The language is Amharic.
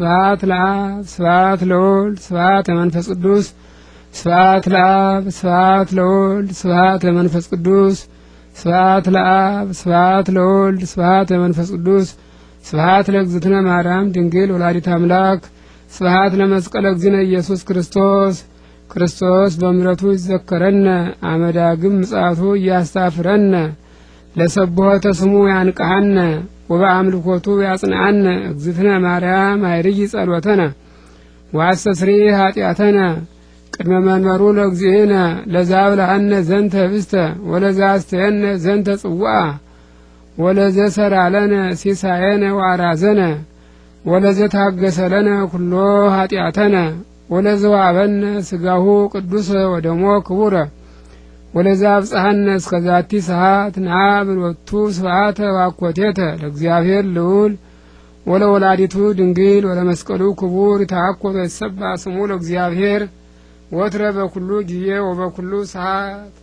ስብሐት ለአብ ስብሐት ለወልድ ስብሐት ለመንፈስ ቅዱስ ስብሐት ለአብ ስብሐት ለወልድ ስብሐት ለመንፈስ ቅዱስ ስብሐት ለአብ ስብሐት ለወልድ ስብሐት ለመንፈስ ቅዱስ ስብሐት ለእግዝእትነ ማርያም ድንግል ወላዲተ አምላክ ስብሐት ለመስቀለ እግዚእነ ኢየሱስ ክርስቶስ ክርስቶስ በምሕረቱ ይዘከረነ አመዳግም ምጽአቱ እያስታፍረነ ለሰብሖተ ስሙ ያንቃሃነ ወበአምልኮቱ ያጽንዓነ እግዝእትነ ማርያም አይርይ ጸሎተነ ወአስተስሪ ኀጢአተነ ቅድመ መንበሩ ለእግዚእነ ለዛ ዘንተ ህብስተ ወለዛ አስተየነ ዘንተ ጽዋአ ወለዘ ሰራለነ ሲሳየነ ወአራዘነ ወለዘ ታገሰለነ ኩሎ ኀጢአተነ ወለዘ ስጋሁ ቅዱስ ወደሞ ክቡረ ወለዛ አብጽሐነ እስከ ዛቲ ሰዓት ንሃብር ወቱ ስብሐተ ወአኮቴተ ለእግዚአብሔር ልዑል ወለወላዲቱ ድንግል ወለመስቀሉ ክቡር ይትሐኮቶ ይትሰብሐ ስሙ ለእግዚአብሔር ወትረ በኩሉ ጊዜ ወበኩሉ ሰዓት